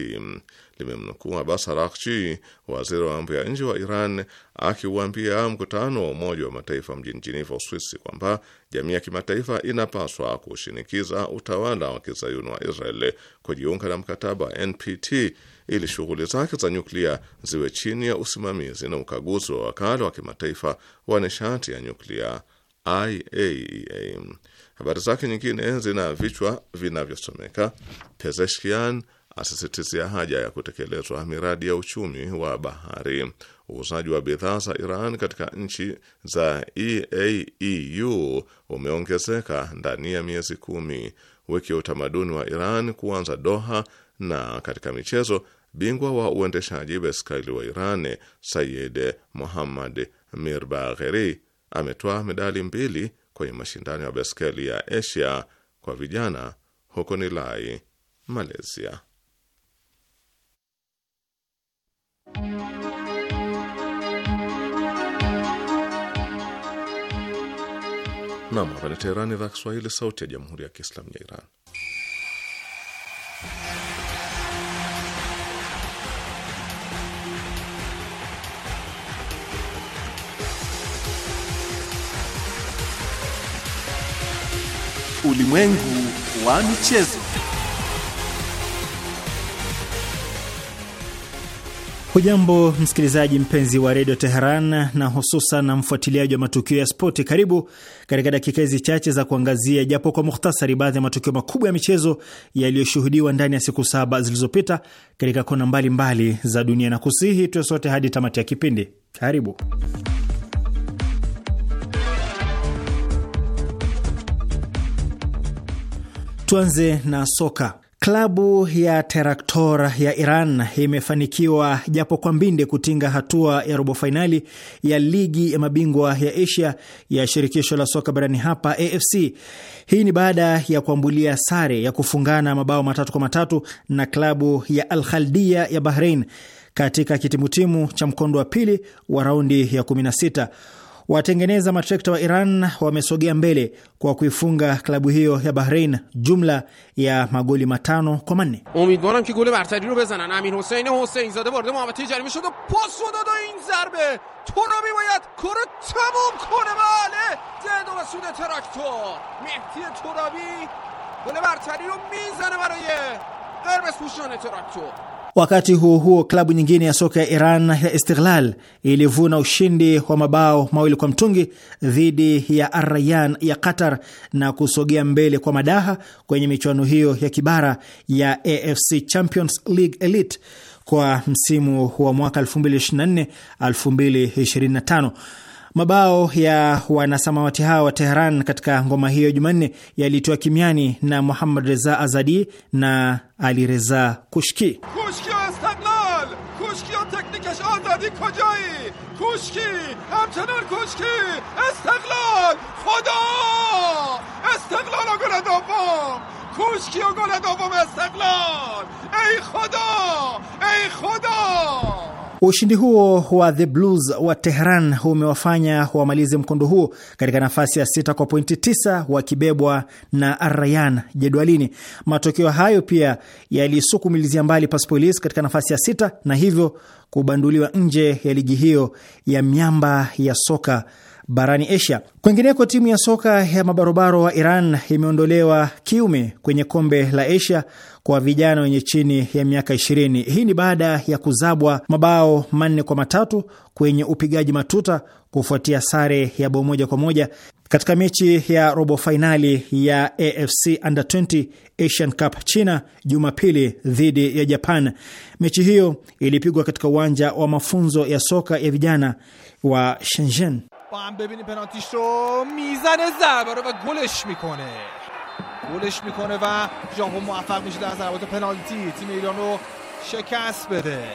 [SPEAKER 2] limemnukuu Abbas Araghchi, waziri wa mambo ya nje wa Iran, akiuambia mkutano wa Umoja wa Mataifa mjini jeneva Uswisi, kwamba jamii ya kimataifa inapaswa kushinikiza utawala wa kizayuni wa Israel kujiunga na mkataba wa NPT ili shughuli zake za nyuklia ziwe chini ya usimamizi na ukaguzi wa wakala wa kimataifa wa nishati ya nyuklia IAEA. E Habari zake nyingine zina vichwa vinavyosomeka: Pezeshkian asisitizia haja ya kutekelezwa miradi ya uchumi wa bahari, uuzaji wa bidhaa za Iran katika nchi za EAEU umeongezeka ndani ya miezi kumi, wiki ya utamaduni wa Iran kuanza Doha, na katika michezo bingwa wa uendeshaji baiskeli wa Iran Sayid Muhammad Mirbagheri ametoa medali mbili kwenye mashindano ya baskeli ya Asia kwa vijana huko Nilai, Malaysia. Nam, hapa ni Teherani, idhaa Kiswahili, sauti ya jamhuri ya kiislamu ya Iran. Ulimwengu wa michezo.
[SPEAKER 3] Hujambo msikilizaji mpenzi wa redio Teheran na hususan na mfuatiliaji wa matukio ya spoti. Karibu katika dakika hizi chache za kuangazia japo kwa muhtasari baadhi ya matukio makubwa ya michezo yaliyoshuhudiwa ndani ya siku saba zilizopita katika kona mbalimbali za dunia, na kusihi tuwe sote hadi tamati ya kipindi. Karibu. Tuanze na soka. Klabu ya Teraktor ya Iran imefanikiwa japo kwa mbinde kutinga hatua ya robo fainali ya ligi ya mabingwa ya Asia ya shirikisho la soka barani hapa AFC. Hii ni baada ya kuambulia sare ya kufungana mabao matatu kwa matatu na klabu ya Al Khaldia ya bahrein katika kitimutimu cha mkondo wa pili wa raundi ya 16. Watengeneza matrekta wa Iran wamesogea mbele kwa kuifunga klabu hiyo ya Bahrein jumla ya magoli matano kwa manne. Umidwaram ki gole bartari ro bezanan amin husein husein zade varde muhabbati jarime shode pas dada in zarbe to ro mibayad kore tamom kone bale zedo va sude traktor mehdi torabi gole bartari ro mizane baraye
[SPEAKER 5] قرمز pushane traktor
[SPEAKER 3] Wakati huo huo, klabu nyingine ya soka ya Iran ya Istiklal ilivuna ushindi wa mabao mawili kwa mtungi dhidi ya Arrayan ya Qatar na kusogea mbele kwa madaha kwenye michuano hiyo ya kibara ya AFC Champions League Elite kwa msimu wa mwaka 2024 2025. Mabao ya wanasamawati hao wa teheran katika ngoma hiyo Jumanne yalitoa kimiani na Muhammad Reza Azadi na Ali Reza Kushki. Kushki istiqlal kushki azadi kojai kushki hamchanan kushki khoda gol dovom kushki gol dovom
[SPEAKER 5] ey khoda ey
[SPEAKER 3] khoda Ushindi huo wa The Blues wa Tehran umewafanya wamalize mkondo huo katika nafasi ya sita kwa pointi tisa wakibebwa na Rayan jedwalini. Matokeo hayo pia yalisukumilizia mbali Persepolis katika nafasi ya sita na hivyo kubanduliwa nje ya ligi hiyo ya miamba ya soka barani Asia. Kwengineko, timu ya soka ya mabarobaro wa Iran imeondolewa kiume kwenye kombe la Asia kwa vijana wenye chini ya miaka 20. Hii ni baada ya kuzabwa mabao manne kwa matatu kwenye upigaji matuta kufuatia sare ya bao moja kwa moja katika mechi ya robo fainali ya AFC Under 20 Asian Cup China Jumapili dhidi ya Japan. Mechi hiyo ilipigwa katika uwanja wa mafunzo ya soka ya vijana wa Shenzhen. با هم ببینیم پنالتیش رو میزنه ضربه و گلش میکنه گلش میکنه و ژاپن موفق میشه در ضربات پنالتی تیم ایران رو شکست بده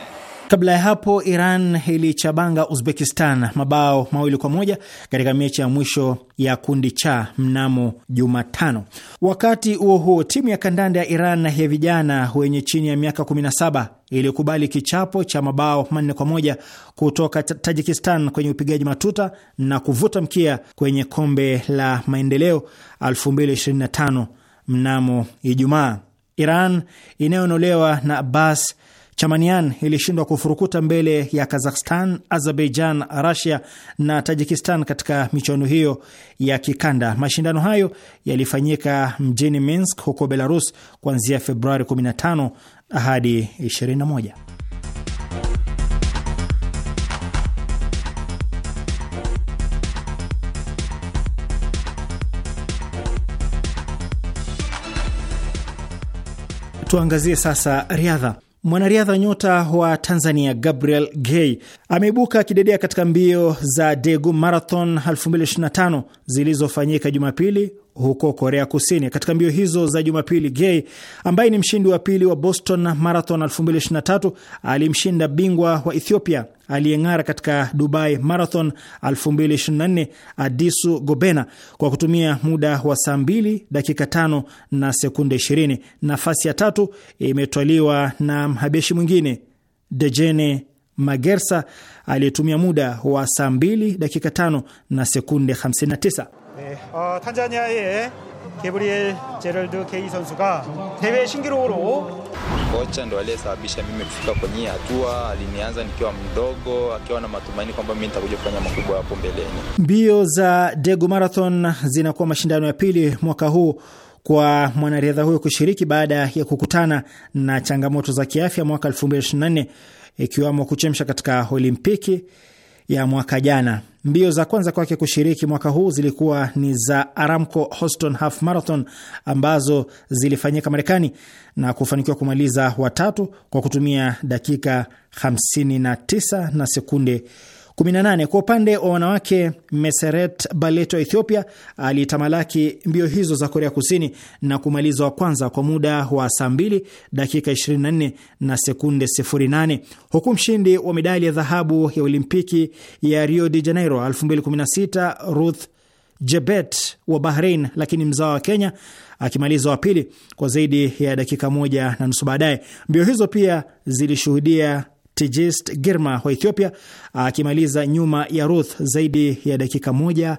[SPEAKER 3] Kabla ya hapo Iran ilichabanga Uzbekistan mabao mawili kwa moja katika mechi ya mwisho ya kundi cha mnamo Jumatano. Wakati huo huo, timu ya kandanda ya Iran ya vijana wenye chini ya miaka 17 ilikubali kichapo cha mabao manne kwa moja kutoka Tajikistan kwenye upigaji matuta na kuvuta mkia kwenye kombe la maendeleo 2025 mnamo Ijumaa. Iran inayoonolewa na Abbas Chamanian ilishindwa kufurukuta mbele ya Kazakhstan, Azerbaijan, Russia na Tajikistan katika michuano hiyo ya kikanda. Mashindano hayo yalifanyika mjini Minsk huko Belarus kuanzia Februari 15 hadi 21. Tuangazie sasa riadha. Mwanariadha nyota wa Tanzania Gabriel Gay ameibuka kidedea katika mbio za Daegu Marathon zilizofanyika Jumapili huko Korea Kusini. Katika mbio hizo za Jumapili, Gay ambaye ni mshindi wa pili wa Boston Marathon 2023 alimshinda bingwa wa Ethiopia aliyeng'ara katika Dubai Marathon 2024 Adisu Gobena kwa kutumia muda wa saa 2 dakika 5 na sekunde 20. Nafasi ya tatu imetwaliwa na mhabeshi mwingine Dejene Magersa aliyetumia muda wa saa 2 dakika 5 na sekunde 59.
[SPEAKER 1] 네, 어,
[SPEAKER 3] 탄자니아의 선수가 대회 신기록으로 kocha ndo aliyesababisha mimi kufika kwenye hii hatua. Alinianza nikiwa mdogo, akiwa na matumaini kwamba mimi nitakuja kufanya makubwa hapo mbeleni. Mbio za Degu Marathon zinakuwa mashindano ya pili mwaka huu kwa mwanariadha huyo kushiriki baada ya kukutana na changamoto za kiafya mwaka 2024 ikiwamo kuchemsha katika Olimpiki ya mwaka jana. Mbio za kwanza kwake kushiriki mwaka huu zilikuwa ni za Aramco Houston Half Marathon ambazo zilifanyika Marekani na kufanikiwa kumaliza watatu kwa kutumia dakika 59 na sekunde 18. Kwa upande wa wanawake, Meseret Baleto wa Ethiopia alitamalaki mbio hizo za Korea Kusini na kumaliza wa kwanza kwa muda wa saa 2 dakika 24 na sekunde 08, huku mshindi wa medali ya dhahabu ya Olimpiki ya Rio de Janeiro 2016 Ruth Jebet wa Bahrain, lakini mzawa wa Kenya akimaliza wa pili kwa zaidi ya dakika moja na nusu baadaye. Mbio hizo pia zilishuhudia Tigist Girma wa Ethiopia akimaliza nyuma ya Ruth zaidi ya dakika moja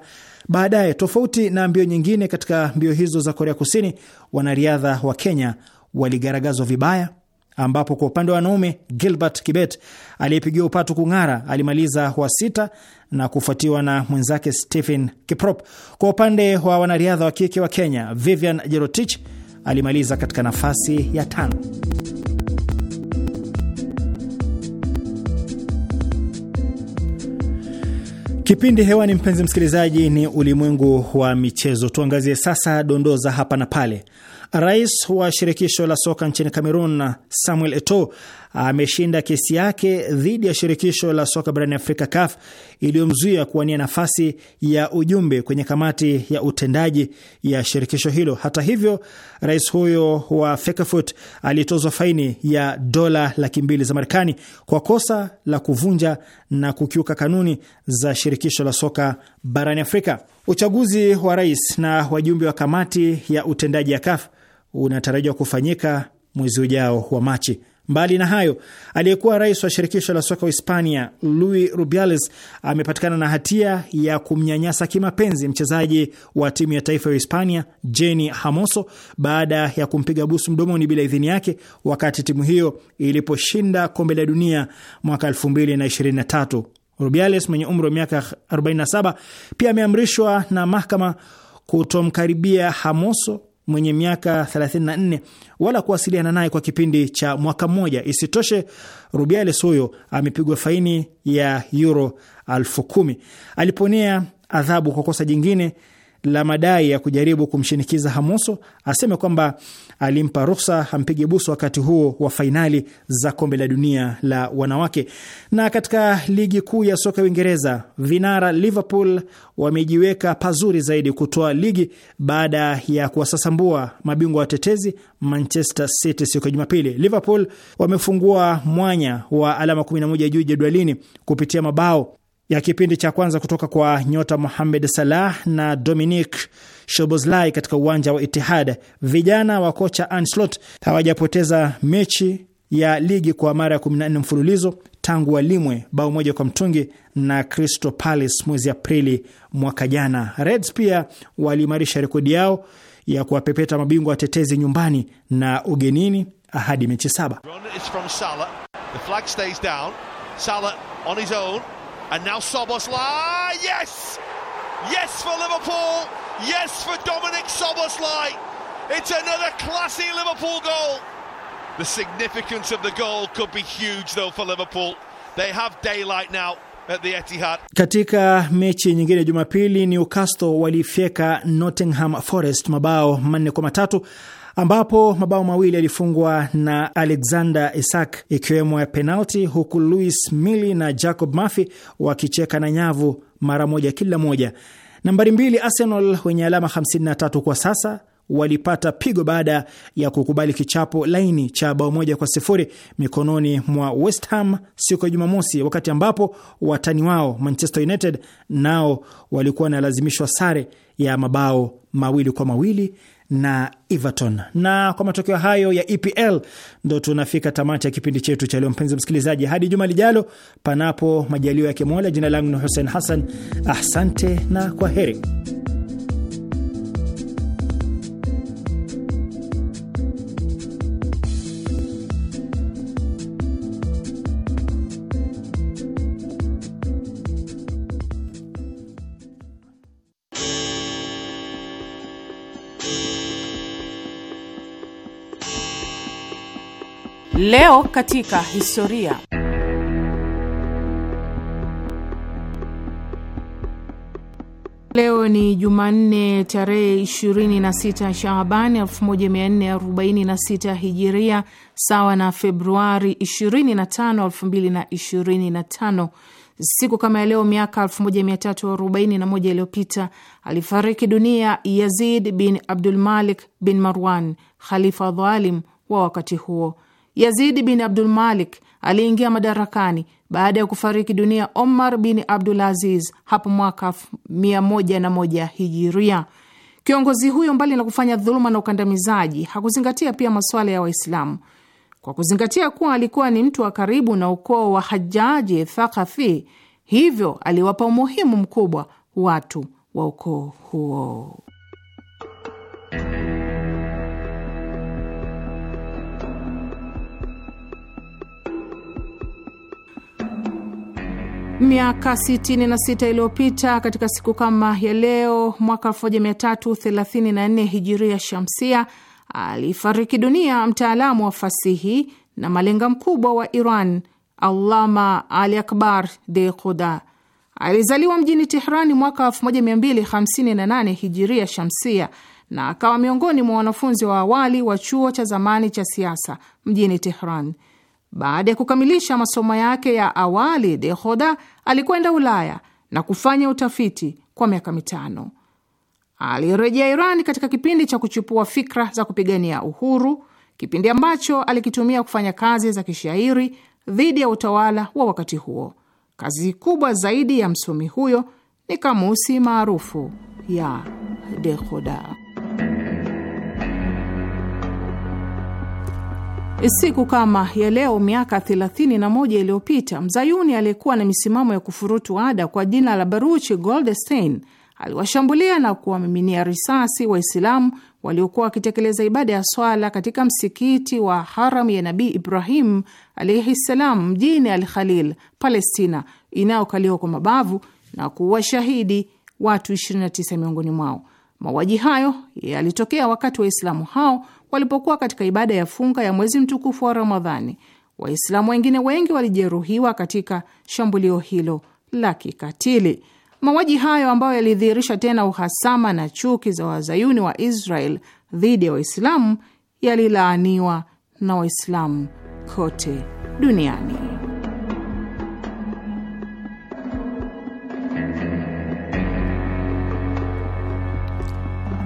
[SPEAKER 3] baadaye. Tofauti na mbio nyingine katika mbio hizo za Korea Kusini, wanariadha wa Kenya waligaragazwa vibaya, ambapo kwa upande wa wanaume Gilbert Kibet aliyepigiwa upatu kung'ara alimaliza wa sita na kufuatiwa na mwenzake Stephen Kiprop. Kwa upande wa wanariadha wa kike wa Kenya, Vivian Jerotich alimaliza katika nafasi ya tano. Kipindi hewani, mpenzi msikilizaji, ni ulimwengu wa michezo. Tuangazie sasa dondoo za hapa na pale. Rais wa shirikisho la soka nchini Cameroon Samuel Eto'o ameshinda kesi yake dhidi ya shirikisho la soka barani Afrika CAF iliyomzuia kuwania nafasi ya ujumbe kwenye kamati ya utendaji ya shirikisho hilo. Hata hivyo, rais huyo wa FECAFOOT alitozwa faini ya dola laki mbili za Marekani kwa kosa la kuvunja na kukiuka kanuni za shirikisho la soka barani Afrika. Uchaguzi wa rais na wajumbe wa kamati ya utendaji ya CAF unatarajiwa kufanyika mwezi ujao wa Machi. Mbali na hayo, aliyekuwa rais wa shirikisho la soka Hispania Luis Rubiales amepatikana na hatia ya kumnyanyasa kimapenzi mchezaji wa timu ya taifa ya Hispania jeni Hermoso baada ya kumpiga busu mdomoni bila idhini yake wakati timu hiyo iliposhinda kombe la dunia mwaka 2023. Rubiales mwenye umri wa miaka 47 pia ameamrishwa na mahakama kutomkaribia hamoso mwenye miaka 34 wala kuwasiliana naye kwa kipindi cha mwaka mmoja. Isitoshe, Rubiales huyo amepigwa faini ya euro elfu kumi. Aliponea adhabu kwa kosa jingine la madai ya kujaribu kumshinikiza Hamoso aseme kwamba alimpa ruhusa ampige busu wakati huo wa fainali za kombe la dunia la wanawake. Na katika ligi kuu ya soka ya Uingereza, vinara Liverpool wamejiweka pazuri zaidi kutoa ligi baada ya kuwasasambua mabingwa watetezi Manchester City siku ya Jumapili. Liverpool wamefungua mwanya wa alama 11 juu jedwalini kupitia mabao ya kipindi cha kwanza kutoka kwa nyota Mohamed Salah na Dominic shoboslai katika uwanja wa Itihad. Vijana wa kocha Arne Slot hawajapoteza mechi ya ligi kwa mara ya 14 mfululizo tangu walimwe bao moja kwa mtungi na Crystal Palace mwezi Aprili mwaka jana. Reds pia waliimarisha rekodi yao ya kuwapepeta mabingwa watetezi nyumbani na ugenini hadi mechi saba.
[SPEAKER 5] And now Soboslai, yes! Yes for Liverpool, yes for Dominic Soboslai. It's another classy Liverpool goal. The significance of the goal could be huge though for Liverpool. They have daylight now. At the
[SPEAKER 3] Etihad. Katika mechi nyingine Jumapili, Newcastle walifyeka Nottingham Forest mabao manne kwa matatu ambapo mabao mawili yalifungwa na Alexander Isak ikiwemo ya penalti, huku Luis Mili na Jacob Murphy wakicheka na nyavu mara moja kila moja. Nambari mbili Arsenal wenye alama 53 kwa sasa walipata pigo baada ya kukubali kichapo laini cha bao moja kwa sifuri mikononi mwa West Ham siku ya Jumamosi, wakati ambapo watani wao Manchester United nao walikuwa wanalazimishwa sare ya mabao mawili kwa mawili na Everton. Na kwa matokeo hayo ya EPL ndo tunafika tamati ya kipindi chetu cha leo, mpenzi msikilizaji, hadi juma lijalo, panapo majalio yake Mola. Jina langu ni Hussein Hassan, asante na kwa heri.
[SPEAKER 4] Leo katika historia. Leo ni Jumanne tarehe 26 Shaabani 1446 Hijiria, sawa na Februari 25, 2025. Siku kama ya leo miaka 1341 iliyopita alifariki dunia Yazid bin Abdul Malik bin Marwan, khalifa dhalim wa wakati huo. Yazidi bin Abdul Malik aliingia madarakani baada ya kufariki dunia Omar bin Abdul Aziz hapo mwaka 101 hijiria. Kiongozi huyo mbali na kufanya dhuluma na ukandamizaji, hakuzingatia pia masuala ya Waislamu. Kwa kuzingatia kuwa alikuwa ni mtu wa karibu na ukoo wa Hajaji Thakafi, hivyo aliwapa umuhimu mkubwa watu wa ukoo huo. Miaka 66 iliyopita katika siku kama ya leo mwaka 1334 hijiria shamsia alifariki dunia mtaalamu wa fasihi na malenga mkubwa wa Iran, Allama Ali Akbar Dequda. Alizaliwa mjini Tehrani mwaka 1258 hijiria shamsia na akawa miongoni mwa wanafunzi wa awali wa chuo cha zamani cha siasa mjini Tehran. Baada ya kukamilisha masomo yake ya awali, Dehoda alikwenda Ulaya na kufanya utafiti kwa miaka mitano. Alirejea Iran katika kipindi cha kuchipua fikra za kupigania uhuru, kipindi ambacho alikitumia kufanya kazi za kishairi dhidi ya utawala wa wakati huo. Kazi kubwa zaidi ya msomi huyo ni kamusi maarufu ya Dehoda. Siku kama ya leo miaka 31 iliyopita mzayuni aliyekuwa na misimamo ya kufurutu ada kwa jina la Baruchi Goldstein aliwashambulia na kuwamiminia risasi Waislamu waliokuwa wakitekeleza ibada ya swala katika msikiti wa haram ya Nabii Ibrahim alaihi ssalam mjini Al Khalil, Palestina inayokaliwa kwa mabavu na kuwashahidi watu 29 miongoni mwao. Mauaji hayo yalitokea wakati Waislamu hao walipokuwa katika ibada ya funga ya mwezi mtukufu wa Ramadhani. Waislamu wengine wengi walijeruhiwa katika shambulio hilo la kikatili. Mauaji hayo ambayo yalidhihirisha tena uhasama na chuki za wazayuni wa Israel dhidi ya Waislamu yalilaaniwa na Waislamu kote duniani.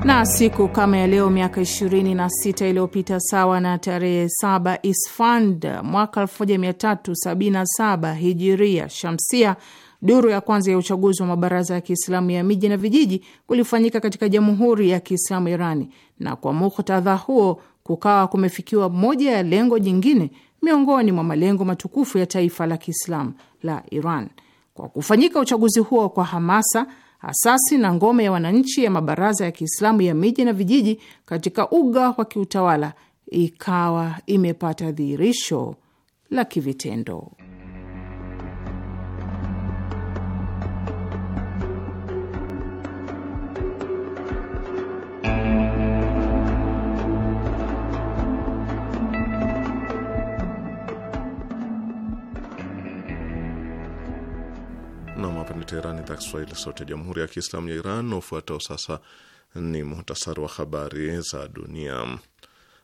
[SPEAKER 4] Na siku kama ya leo miaka 26 iliyopita sawa na tarehe 7 Isfand mwaka 1377 hijiria shamsia, duru ya kwanza ya uchaguzi wa mabaraza ya Kiislamu ya miji na vijiji kulifanyika katika Jamhuri ya Kiislamu Irani, na kwa muktadha huo kukawa kumefikiwa moja ya lengo jingine miongoni mwa malengo matukufu ya taifa la Kiislamu la Iran. Kwa kufanyika uchaguzi huo kwa hamasa asasi na ngome ya wananchi ya mabaraza ya Kiislamu ya miji na vijiji katika uga wa kiutawala ikawa imepata dhihirisho la kivitendo.
[SPEAKER 2] Teheran, idhaa Kiswahili, sauti ya jamhuri ya kiislamu ya Iran. ufuatao sasa ni muhtasari wa habari za dunia.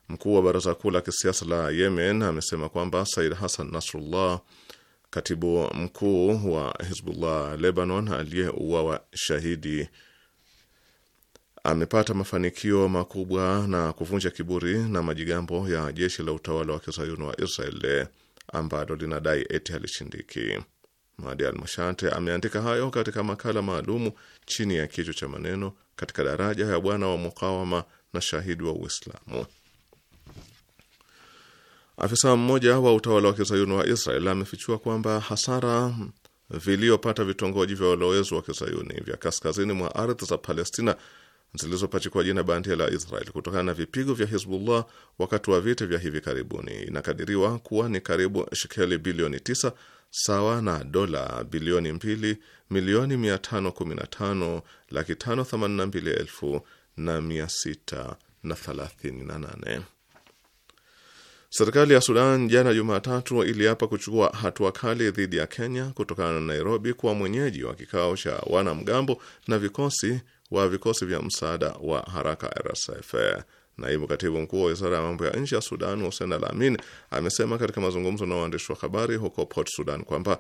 [SPEAKER 2] Mkuu wa baraza kuu la kisiasa la Yemen amesema kwamba Said Hassan Nasrullah, katibu mkuu wa Hizbullah Lebanon aliyeuawa shahidi, amepata mafanikio makubwa na kuvunja kiburi na majigambo ya jeshi la utawala wa kizayuni wa Israel ambalo linadai eti halishindiki. Mahdi Almashate ameandika hayo katika makala maalumu chini ya kichwa cha maneno katika daraja ya bwana wa mukawama na shahidi wa Uislamu. Afisa mmoja wa utawala wa kizayuni wa Israel amefichua kwamba hasara viliyopata vitongoji vya walowezi wa kizayuni vya kaskazini mwa ardhi za Palestina zilizopachikwa jina bandia la Israel kutokana na vipigo vya Hizbullah wakati wa vita vya hivi karibuni inakadiriwa kuwa ni karibu shekeli bilioni tisa sawa na dola bilioni mbili milioni mia tano kumi na tano laki tano themanini na mbili elfu na mia sita na thelathini na nane. Serikali ya Sudan jana Jumatatu iliapa kuchukua hatua kali dhidi ya Kenya kutokana na Nairobi kuwa mwenyeji wa kikao cha wanamgambo na vikosi wa vikosi vya msaada wa haraka RSF. Naibu katibu mkuu wa wizara ya mambo ya nje ya Sudan, Hussein Al Amin, amesema katika mazungumzo na waandishi wa habari huko Port Sudan kwamba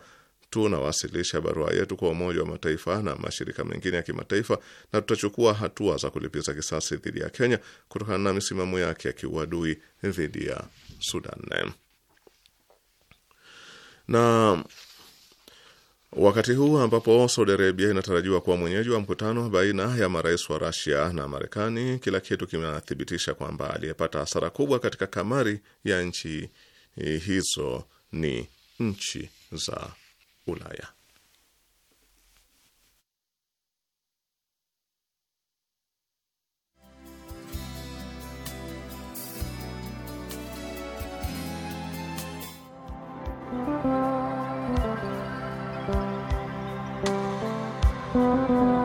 [SPEAKER 2] tunawasilisha barua yetu kwa Umoja wa Mataifa na mashirika mengine ya kimataifa na tutachukua hatua za kulipiza kisasi dhidi ya Kenya kutokana na misimamo yake ya kiuadui dhidi ya Sudan. Na wakati huu ambapo Saudi Arabia inatarajiwa kuwa mwenyeji wa mkutano baina ya marais wa Rasia na Marekani, kila kitu kinathibitisha kwamba aliyepata hasara kubwa katika kamari ya nchi hizo ni nchi za Ulaya.
[SPEAKER 5] thank you